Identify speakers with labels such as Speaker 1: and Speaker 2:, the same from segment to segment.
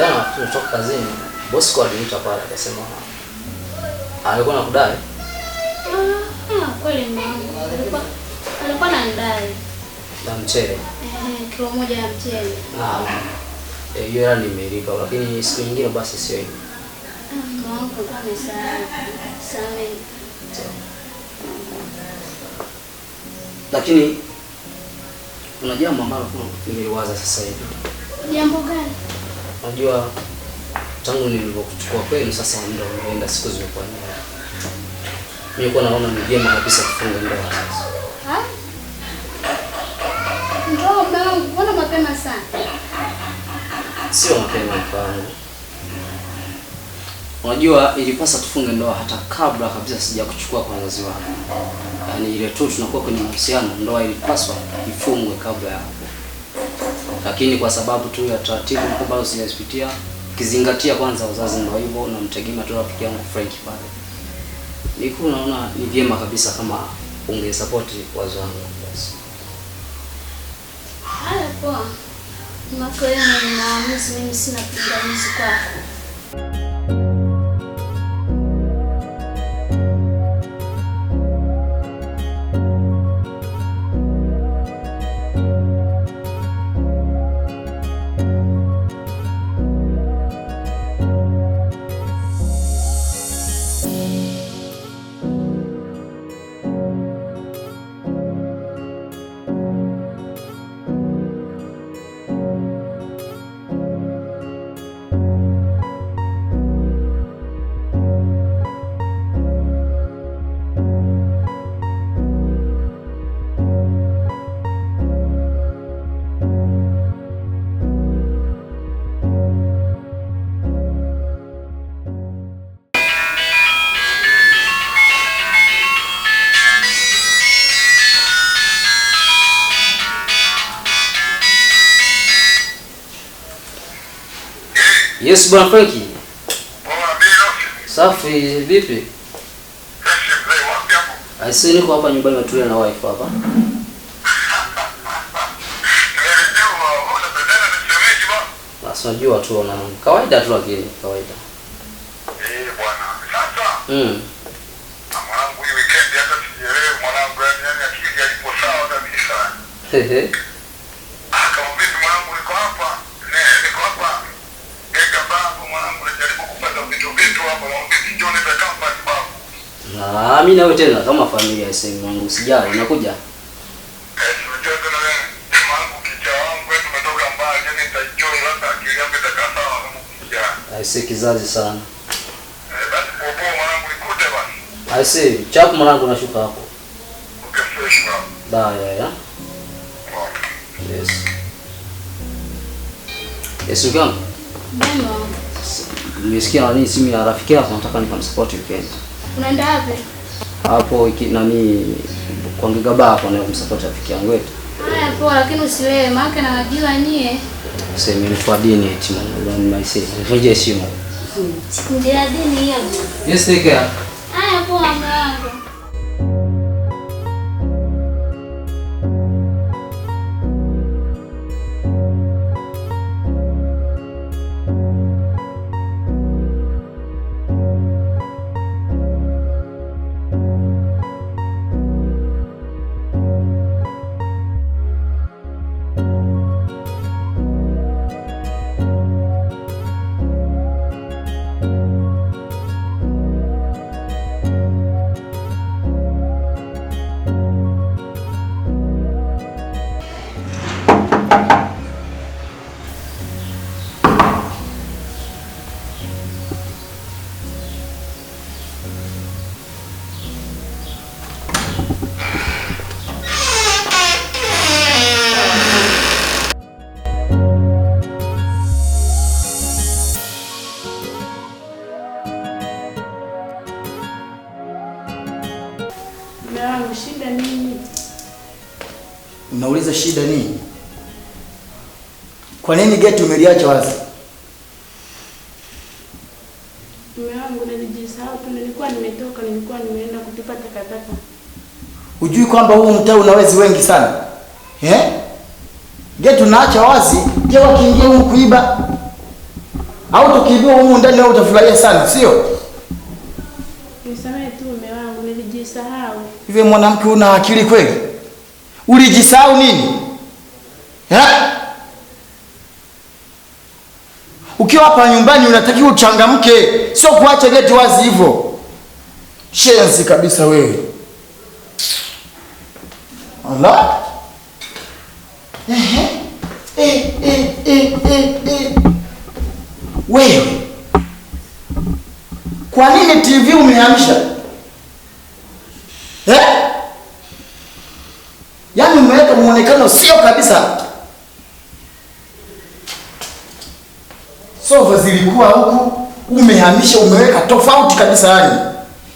Speaker 1: jana tunatoka kazini, bosi kwa aliniita pale akasema alikuwa anakudai.
Speaker 2: Ah, ah kweli ndio. Alikuwa alikuwa Na mchele. Eh, kilo moja ya mchele.
Speaker 1: Naam. Ah, eh, hiyo hela nimelipa lakini siku nyingine basi sio hiyo.
Speaker 2: Ah,
Speaker 1: lakini kuna jambo ambalo nimeliwaza sasa hivi. Jambo gani? Unajua tangu nilivyokuchukua kwenu sasa ndio nimeenda siku zimekuwa nyingi. Mimi kwa naona ni vyema kabisa kufunga ndoa sasa. Ha? Ndoa
Speaker 2: bado mbona mapema sana? Sio mapema kwangu.
Speaker 1: Unajua ilipasa tufunge ndoa hata kabla kabisa sija kuchukua kwa wazazi wangu. Yaani ile tu tunakuwa kwenye mahusiano, ndoa ilipaswa ifungwe kabla ya lakini kwa sababu tu ya taratibu mkubwa sijazipitia,
Speaker 2: kizingatia kwanza wazazi ndio hivyo, na mtegemea tu rafiki yangu Frank pale, nilikuwa naona ni vyema kabisa kama support wazo wangu. Haya, poa. Mimi sina pingamizi kwako.
Speaker 1: Bwana Franki. Oh, Safi, vipi? Aisee, niko hapa nyumbani natulia na wife hapa. Basi unajua tu na kawaida tu lakini kawaida. Eh, bwana. Sasa. Mm. Mwanangu hii weekend hata sijielewi mwanangu yani yaani akili haipo sawa kabisa. Hehe. Ah, mimi nawe tena kama familia ya sehemu yangu sijao unakuja. Aise kizazi sana. Aise, chapu mwanangu nashuka hapo. Baya ya. Eh? Yes. Yes, eh, mkangu. Nimesikia nini simu ya rafiki yako nataka nikamsupport weekend.
Speaker 2: Unaenda wapi?
Speaker 1: Hapo iki nani kwa Ngiga Baa hapo na kumsupport rafiki yangu wetu.
Speaker 2: Haya poa, lakini usilewe maana na wajua nyie.
Speaker 1: Sema ni kwa dini eti Mungu ndio mnaisema. Nije heshima.
Speaker 2: Ndio dini hiyo.
Speaker 1: Yes, take care. shida ni kwa nini geti umeliacha wazi? Hujui kwamba huu mtaa una wezi wengi sana eh? Geti unaacha wazi, je, wakiingia humu kuiba au tukiibiwa humu ndani wewe utafurahia sana, sio?
Speaker 2: Nisamehe tu mume wangu, nilijisahau.
Speaker 1: Hivi mwanamke una akili kweli? Ulijisahau nini ha? Ukiwa hapa nyumbani unatakiwa uchangamke, sio kuacha geti wazi hivyo. Shenzi kabisa wewe. Allah. Eh, eh, eh, eh, eh. Wewe kwa nini TV umehamisha eh? muonekano sio kabisa. Sofa zilikuwa huku, umehamisha umeweka tofauti kabisa. Yani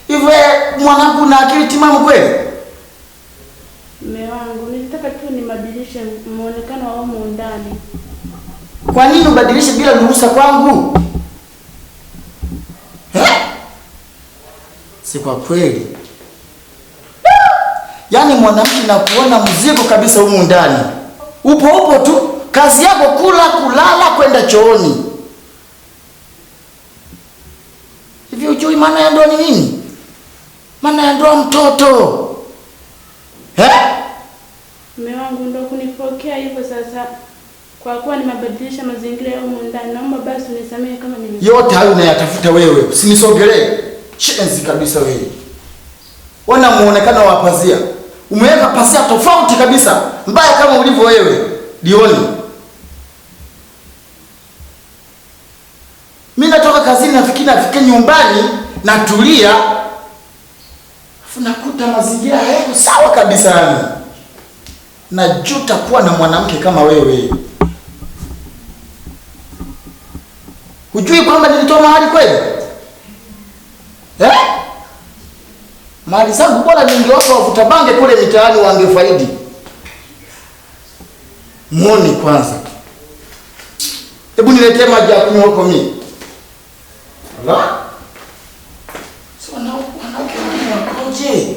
Speaker 1: hivyo mwanangu, na akili timamu kweli?
Speaker 2: Mume wangu, nilitaka tu nibadilishe muonekano wa humu ndani.
Speaker 1: Kwa nini ubadilishe bila ruhusa kwangu? Eh? Si kwa kweli mwanamke na kuona mzigo kabisa humu ndani. Upo upo tu, kazi yako kula, kulala, kwenda chooni. Hivi ujui maana ya ndoa ni nini? Maana ya ndoa mtoto. He?
Speaker 2: Mume wangu ndo kunipokea hivyo sasa. Kwa kuwa nimebadilisha mazingira ya humu ndani, naomba basi unisamehe kama mimi.
Speaker 1: Yote hayo unayatafuta wewe, usinisogelee. Shenzi kabisa wewe. Wana muonekano wa pazia umeweka pasia tofauti kabisa mbaya kama ulivyo wewe Dioni. Mimi natoka kazini nafikiri nafike nyumbani natulia, afu nakuta mazingira hayo sawa kabisa, yani najuta kuwa na mwanamke kama wewe. Hujui kwamba nilitoa mahali kweli eh? mali zangu bora ningewapa wavuta bange kule mitaani wangefaidi. Muone kwanza, hebu niletee maji ya kunywa huko mimi. Ala,
Speaker 2: so na wanawake
Speaker 1: wakoje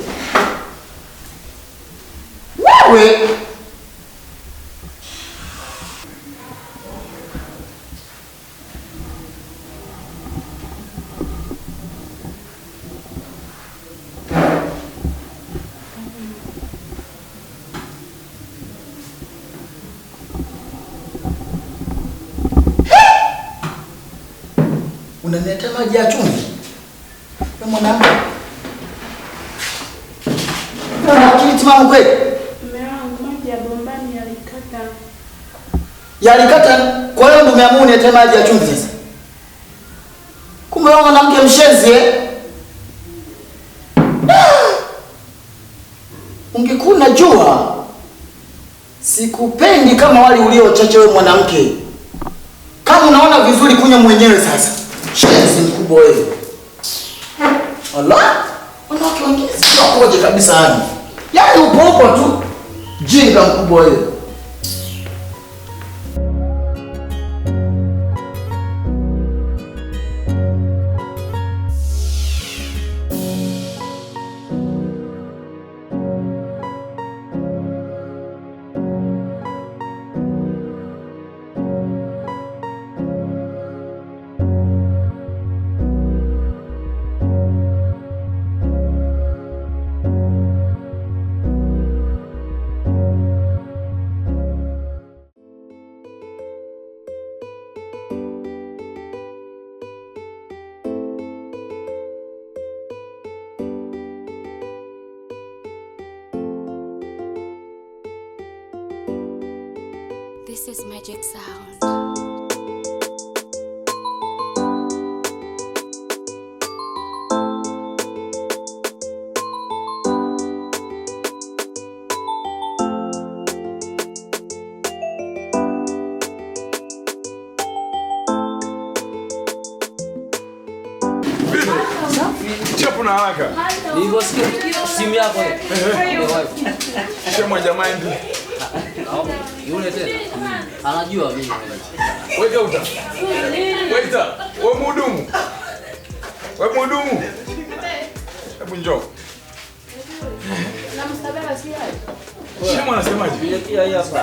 Speaker 1: wewe? unaniletea maji ya chumvi wewe mwanangu? Timamu kweli yalikata. Kwa hiyo ndio umeamua uniletee maji ya chumvi sasa? Kumbe wewe mwanamke mshenzi eh? Ah! Ungekuwa unajua sikupendi kama wali uliochache wewe mwanamke. Kama unaona vizuri, kunywa mwenyewe sasa shenzi mkubwa wewe. Allah, wanawake wengine sio wakoje kabisa yani. Yaani upo upo tu, jinga mkubwa wewe.
Speaker 3: chapu na haraka.
Speaker 1: Nilivyosikia simu yako.
Speaker 3: Shema jamani ndio.
Speaker 1: Yule tena. Anajua mimi.
Speaker 3: Wewe uta. Wewe uta. Wewe mhudumu. Wewe mhudumu. Hebu njoo. Shema anasemaje?
Speaker 1: Ile kia hii hapa.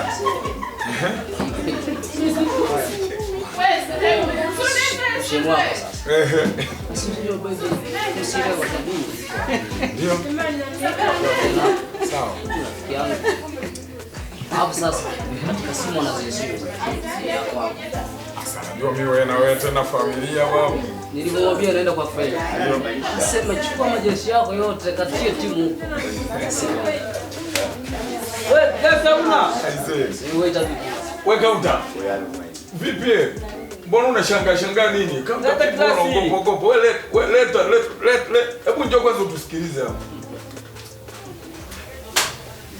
Speaker 1: Wewe sasa. Shema hapo sasa katika simu anajua
Speaker 3: mimi wewe na wewe tena familia babu.
Speaker 1: Nilimwambia naenda kwa faida. Sema chukua majeshi yako yote katie timu huko. Wewe gaza una. Wewe
Speaker 3: gaza. Wewe gaza. Vipi? Mbona unashangaa shangaa nini? Kama leta Hebu njoo kwanza utusikilize hapo.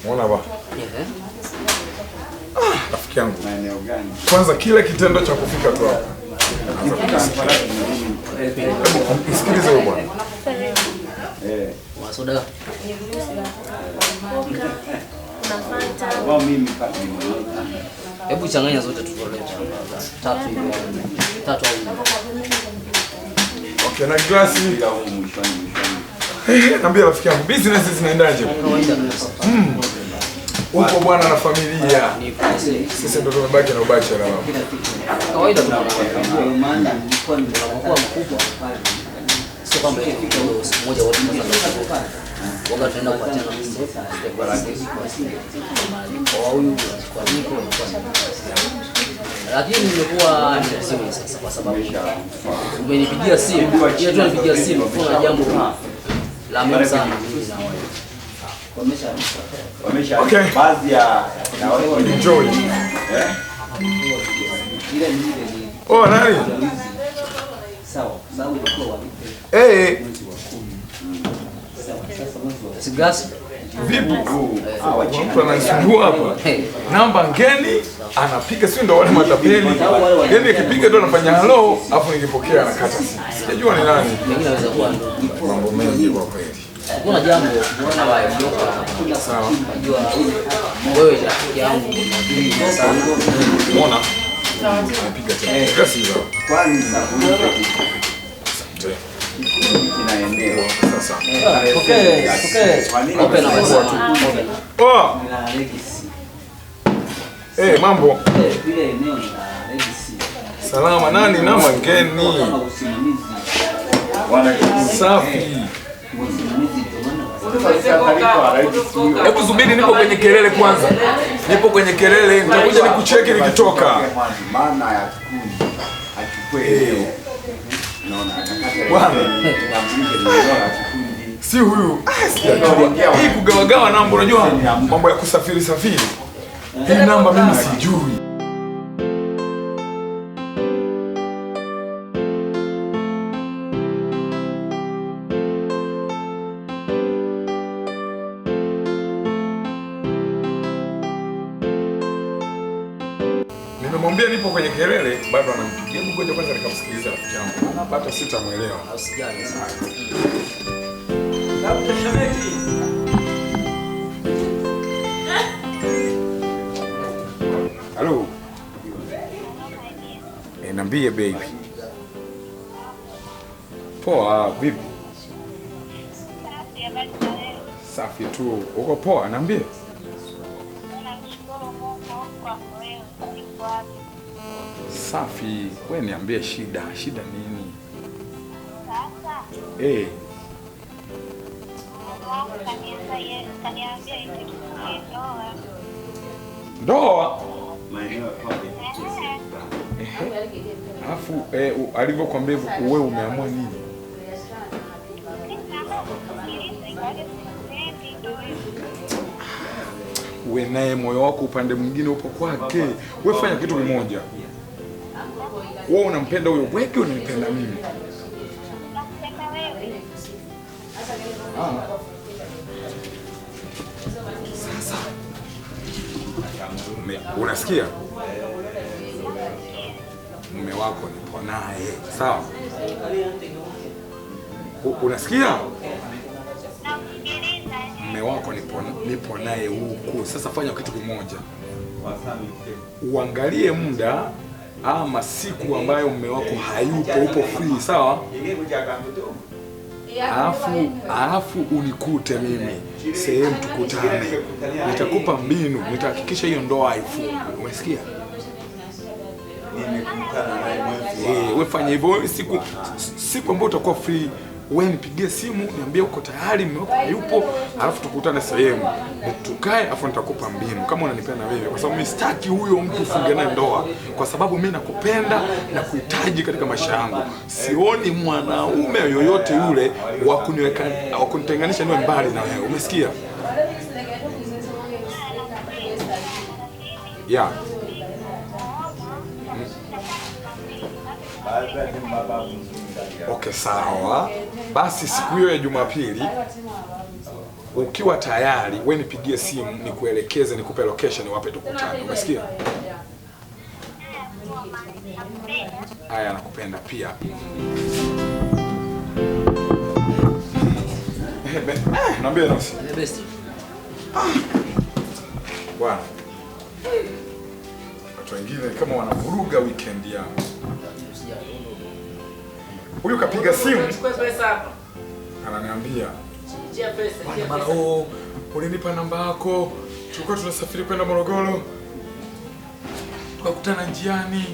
Speaker 3: Unaona ba? Ah, rafiki yangu. Kwanza kile kitendo cha kufika tu hapa. Sikilize wewe bwana.
Speaker 1: Eh. Wasoda. Hebu changanya zote tatu Tatu au
Speaker 3: Okay, na glasi eh, eh, naambia rafiki yangu business zinaendaje? Hmm. Uko bwana na familia. Ah, sisi ndio tumebaki na ubachela. Kawaida tunakuwa mkubwa sio kwamba ikifika mmoja wote waga tunaenda kupatiana kwa huyu kwa miko, lakini nimekuwa niseme sasa, kwa sababu umenipigia simu, nipigia simu kuna jambo la muhimu sana nani? Sawa eh, vipi? Mtu ananisumbua hapa, namba ngeni anapiga, si ndio wale matapeli? Yani akipiga ndio anafanya halo, afu nikipokea anakata, sijajua ni nani. Mambo
Speaker 1: mengi kwa kweli. Kuna jambo wewe
Speaker 3: rafiki yangu unaona Eh, mambo salama, nani na mageni safi. Hebu subiri, nipo kwenye kelele kwanza, nipo kwenye kelele, nitakuja nikucheki nikitoka si huyu hii kugawagawa namba, unajua mambo ya kusafiri safiri, hii namba mimi sijui. Nimemwambia nipo kwenye kelele, bado anampigia mgonjwa, kwanza nikamsikiliza napata sitamwelewa. Usijali sana. Labda shemeji. Halo. Eh, niambie baby. Poa, vipi? Safi tu. Uko poa, niambie. Safi, wewe niambie shida, shida nini? Eh. Ndoa alafu eh, alivyokwambia hivyo, wewe umeamua nini? We naye moyo wako upande mwingine upo kwake. We fanya kitu kimoja, wewe unampenda huyo, weke unanipenda mimi Sasa unasikia, mume wako niko naye sawa, unasikia mume wako nipo naye huku. Sasa fanya kitu kimoja, uangalie muda ama siku ambayo mume wako hayupo, upo free, sawa alafu alafu unikute mimi sehemu tukutane, nitakupa mbinu, nitahakikisha hiyo ndoa haifungwi. Umesikia? Eh, wewe fanya hivyo siku siku ambayo utakuwa free wewe nipigie simu, niambie uko tayari, mume wako hayupo, alafu tukutane sehemu tukae, afu nitakupa mbinu kama unanipenda na wewe, kwa sababu mimi sitaki huyo mtu funge naye ndoa, kwa sababu mimi nakupenda na kuhitaji katika maisha yangu. Sioni mwanaume yoyote yule wa kuniweka wa kunitenganisha niwe mbali na wewe, umesikia? Yeah. Mm. Okay, sawa. Basi siku hiyo ya Jumapili ukiwa tayari, we nipigie simu nikuelekeze, nikupe location, wape tukutane. Umesikia? Haya, nakupenda pia. Eh, eh, Naambia nasi ah, bwana, watu wengine kama wanavuruga weekend yao. Huyu kapiga simu ananiambia bana, oh, ulinipa namba yako, tulikuwa tunasafiri kwenda Morogoro tukakutana njiani,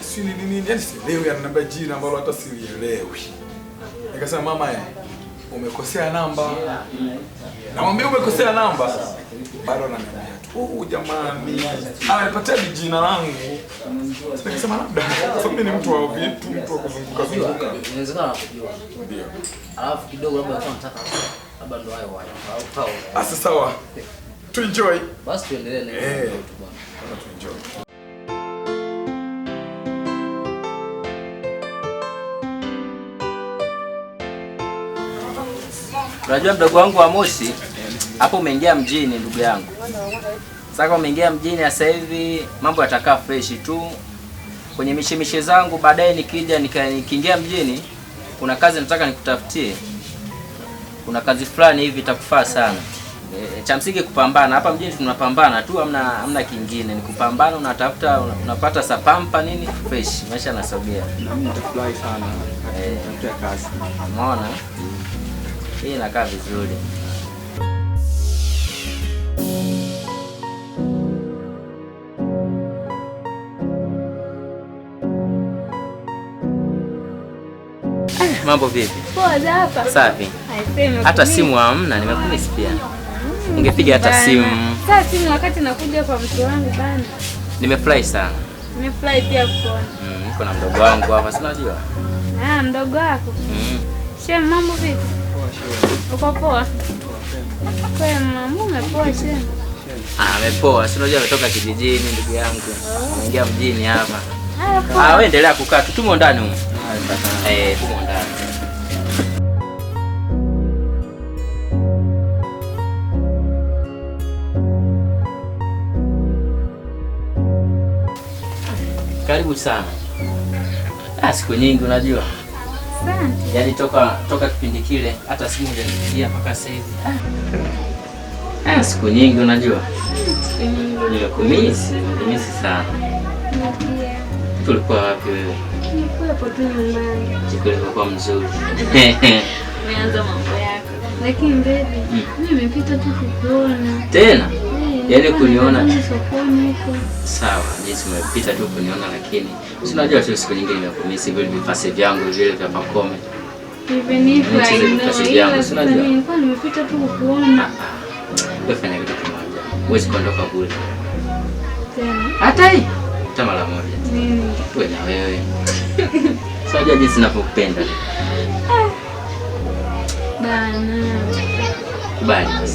Speaker 3: si nini nini, yaani sielewi, ananiambia jina ambalo hata silielewi. Nikasema mama ya eh, umekosea namba, namwambia umekosea namba, bado ananiambia huu jamani, ananipatia ah, jina langu nikasema, labda sababu mimi ni mtu wa vitu, mtu wa kuzunguka zunguka, inawezekana nakujua, ndio alafu kidogo labda nataka labda ndo hayo hayo au asa. Ah, sawa, tu enjoy basi, tuendelee na eh, tu enjoy.
Speaker 1: Unajua mdogo wangu wa Mosi hapo umeingia mjini ndugu yangu. Sasa umeingia mjini, sasa hivi mambo yatakaa fresh tu kwenye mishemishe zangu. Baadaye nikija nikiingia mjini, kuna kazi nataka nikutafutie, kuna kazi fulani hivi itakufaa sana. E, e cha msingi kupambana. Hapa mjini tunapambana tu, amna amna kingine, ni kupambana. Unatafuta unapata sapampa nini fresh, maisha yanasogea.
Speaker 4: sana, e. kazi.
Speaker 1: Umeona hii inakaa vizuri. Mambo vipi?
Speaker 2: Poa za hapa.
Speaker 1: Safi. Haisemi. Hata simu hamna, nimekumisi pia. Ungepiga hmm, hata simu.
Speaker 2: Sasa simu wakati nakuja kwa mtu wangu bana.
Speaker 1: Nimefurahi sana.
Speaker 2: Nimefurahi pia kuona. Mm,
Speaker 1: niko na mdogo wangu hapa, si unajua?
Speaker 2: Ah, mdogo wako. Mm. Shem, mambo vipi? Poa shem. Uko poa? Kwa mambo umepoa shem.
Speaker 1: Ah, amepoa. Si unajua ametoka kijijini ndugu yangu. Oh. Anaingia mjini hapa. Ah, wewe endelea kukaa. Tumo ndani huko. Karibu sana. Ah, siku nyingi unajua. Asante. Yaani toka toka kipindi kile hata simu hujanipigia mpaka sasa hivi. Ah. ah, siku nyingi unajua. Siku nyingi. Nimekumisi, nimekumisi sana. Tulikuwa wapi wewe?
Speaker 2: uwepo tu nyumbani.
Speaker 1: Siku imekuwa mzuri.
Speaker 2: Umeanza mambo yako. Lakini baby, mm. mimi nimepita tu kukuona.
Speaker 1: Tena? Eh, yaani kuniona sokoni huko. Sawa, jinsi umepita tu kuniona lakini si unajua tu siku nyingine nimekumisi vile vipasi vyangu vile vya Pakome.
Speaker 2: Nimepita tu kukuona. Ah,
Speaker 1: ah. Fanya kitu kimoja. Huwezi kuondoka kule. Tena. Hata hii. Hata mara moja. Wewe na wewe. Unajua jinsi ninavyokupenda. Bana. Bali.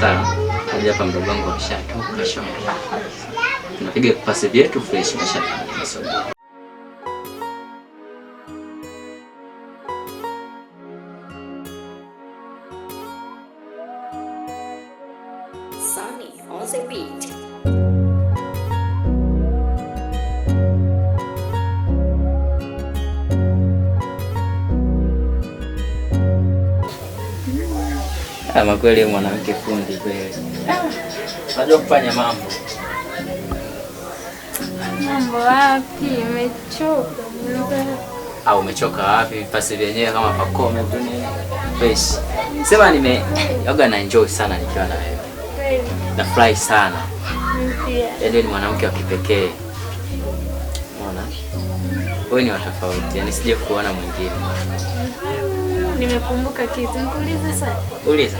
Speaker 1: Sawa. Kaja hapa mdogo wangu ameshatoka shamba. Tunapiga pasi yetu fresh mashaka. kweli, mwanamke fundi kweli, unajua kufanya mambo.
Speaker 2: Mambo wapi, Umechoka.
Speaker 1: au ah, umechoka wapi? Pasi vyenyewe kama pakome fresh. Sema nime yoga na enjoy sana nikiwa na wewe, nafurahi sana yaani, ni mwanamke wa kipekee Unaona? wewe ni wa tofauti. yaani sije kuona mwingine.
Speaker 2: Nimekumbuka kitu, nikuulize sasa.
Speaker 1: Uliza.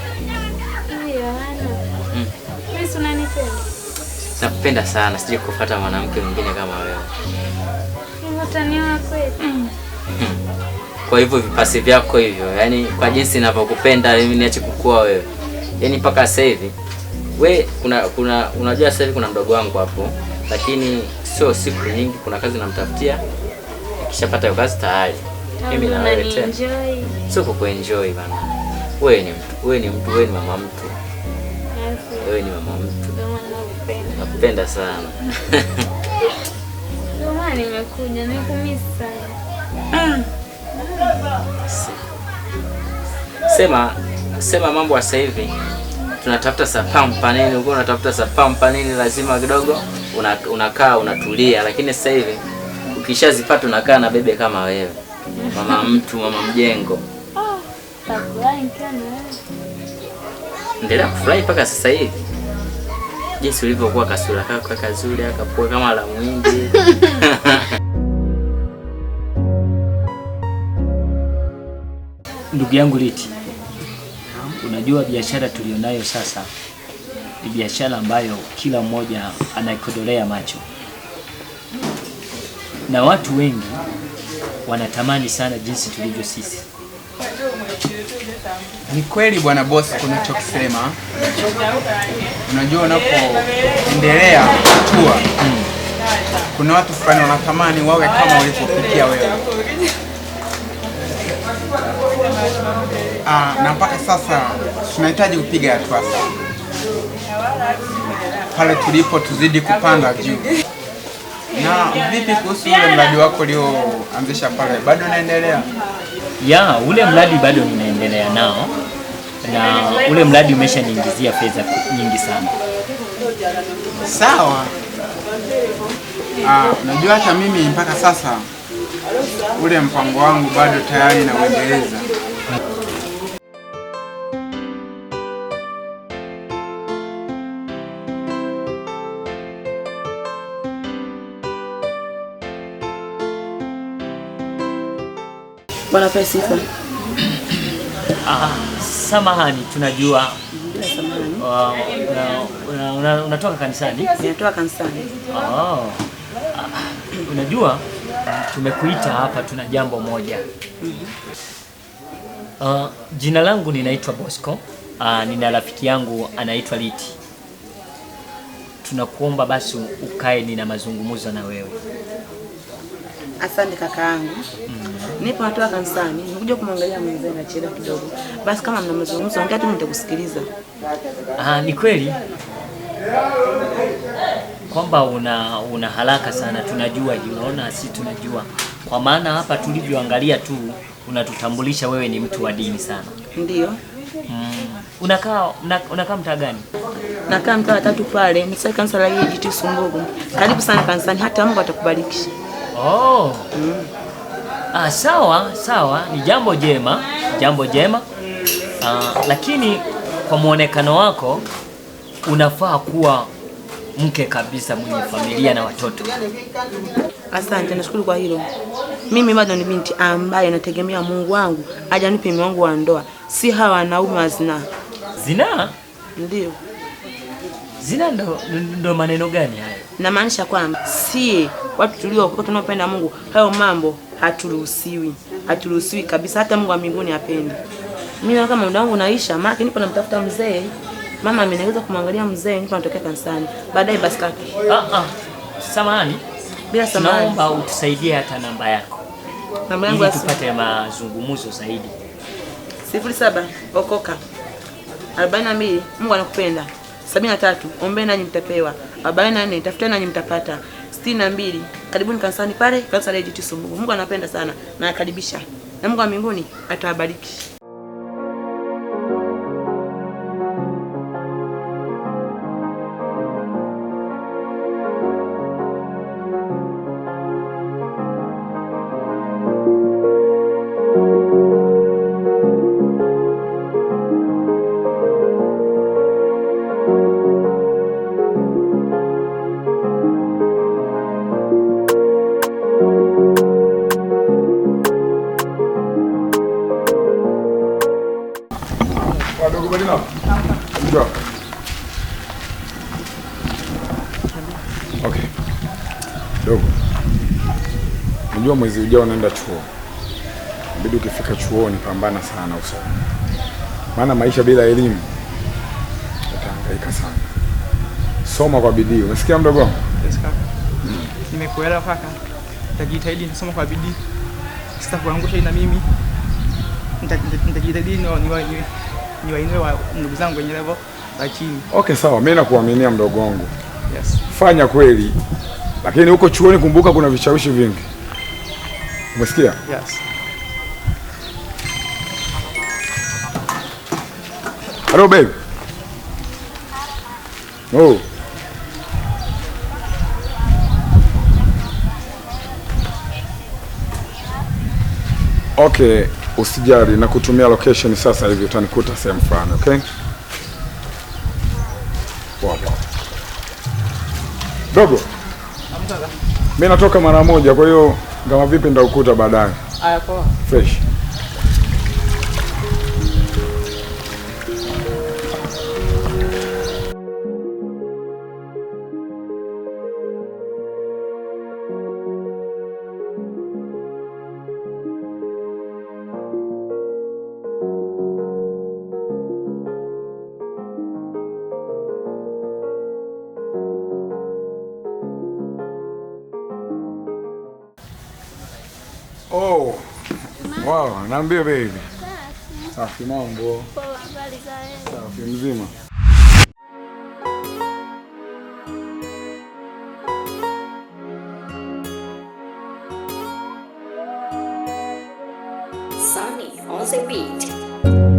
Speaker 1: Nakupenda sana, sije kupata mwanamke mwingine kama wewe. Mm-hmm. Kwa hivyo vipasi vyako hivyo, yani kwa jinsi ninavyokupenda mimi, niache kukua wewe, yani mpaka sasa hivi we kuna, kuna unajua sasa hivi kuna mdogo wangu hapo, lakini sio siku nyingi, kuna kazi namtafutia, ikishapata hiyo kazi tayari
Speaker 2: mimi na wewe tena.
Speaker 1: Sio enjoy bana, wewe ni mtu, wewe ni mtu, wewe ni mama mtu, wewe ni mama Nakupenda sana. Sema sema mambo sasa hivi tunatafuta sapampa nini, uko unatafuta sapampa nini? Lazima kidogo unakaa una unatulia, lakini sasa hivi ukishazipata unakaa na bebe kama wewe, mama mtu, mama mjengo. Ah, Endelea kufurahi mpaka sasa hivi jinsi ulivyokuwa kasura kako kazuri akapua kama la mwindi. Ndugu yangu Liti, unajua biashara tulionayo sasa ni biashara ambayo kila mmoja anaikodolea macho na watu wengi wanatamani sana jinsi tulivyo sisi
Speaker 5: ni kweli bwana bosi, kuna chokisema. Unajua, unapoendelea kutua hmm. kuna watu fulani wanatamani wawe kama ulivyofikia wewe ah, na mpaka sasa tunahitaji kupiga hatua pale tulipo, tuzidi kupanda juu. Na vipi kuhusu ule mradi wako ulioanzisha pale, bado unaendelea?
Speaker 1: ya ule mradi bado ninaendelea nao na ule mradi umeshaniingizia fedha nyingi sana.
Speaker 5: Sawa. Ah, najua hata mimi mpaka sasa ule mpango wangu bado tayari nauendeleza.
Speaker 6: Bwana pewe sifa.
Speaker 1: Ah, samahani, tunajua ah, unatoka kanisani.
Speaker 6: Ninatoka kanisani.
Speaker 1: Oh. Unajua tumekuita hapa, tuna jambo moja. Uh, jina langu ninaitwa Bosco. Uh, nina rafiki yangu anaitwa Liti. Tunakuomba basi ukae, nina mazungumzo na wewe.
Speaker 6: Asante kaka yangu. Nipo natoka kanisani, nikuja kumwangalia mzee na chela kidogo. Basi kama mna mazungumzo, ongea tu nitakusikiliza.
Speaker 1: Ah, ni kweli kwamba una una haraka sana, tunajua hilo na si tunajua, kwa maana hapa tulivyoangalia tu unatutambulisha wewe ni mtu wa dini sana.
Speaker 6: Ndio. Mm.
Speaker 1: Unakaa unakaa mtaa gani?
Speaker 6: Nakaa mtaa wa tatu pale, ni kanisa la EAGT Sumbugu. Karibu sana kanisani, hata Mungu atakubariki.
Speaker 1: Oh. Mm. Ah, sawa sawa, ni jambo jema, jambo jema. Ah, lakini kwa mwonekano wako unafaa kuwa mke kabisa mwenye familia na watoto.
Speaker 6: Asante, nashukuru kwa hilo. Mimi bado ni binti ambaye nategemea Mungu wangu ajanipe mume wangu wa ndoa, si hawa wanaume wa zinaa. Zinaa? Ndio.
Speaker 1: Zinaa ndo, ndo maneno gani haya?
Speaker 6: Namaanisha kwamba sie watu tulio tunaopenda Mungu, hayo mambo haturuhusiwi, haturuhusiwi kabisa, hata Mungu wa mbinguni hapendi. Mimi naona kama muda wangu unaisha, maana nipo namtafuta mzee, mama amenigeuza kumwangalia mzee, nipo natokea kanisani baadaye. Basi kaka,
Speaker 1: ah ah, samahani, bila samahani, naomba utusaidie hata namba yako, namba yangu, ili tupate mazungumzo zaidi.
Speaker 6: 07 okoka 42. Mungu anakupenda sabini na tatu ombeni nanyi mtapewa, arobaini na nne tafuteni nanyi mtapata, sitini na mbili karibuni kanisani pale kanisa la AGT Sumbugu. Mungu anapenda sana na na Mungu wa mbinguni atawabariki.
Speaker 3: mwezi ujao unaenda chuo, inabidi ukifika chuoni pambana sana usome, maana maisha bila elimu utahangaika sana. Soma kwa bidii, umesikia mdogo wangu?
Speaker 7: Yes kaka, nimekuelewa kaka. Nitajitahidi nisome kwa bidii, sitakuangusha ina mimi nitajitahidi niwainue wa ndugu zangu wenye level za chini.
Speaker 3: Okay, sawa, mimi nakuaminia mdogo wangu. Yes. Fanya kweli, lakini huko chuoni kumbuka kuna vishawishi vingi Umesikia? Yes. Hello babe. Oh. Okay, usijali na kutumia location sasa hivi utanikuta sehemu fulani, okay? Dogo. Mimi natoka mara moja kwa hiyo Ngama vipi, ndakukuta baadaye. Aya poa. Fresh. Niambie baby. Safi mambo. Safi mzima. Sunny on the beat.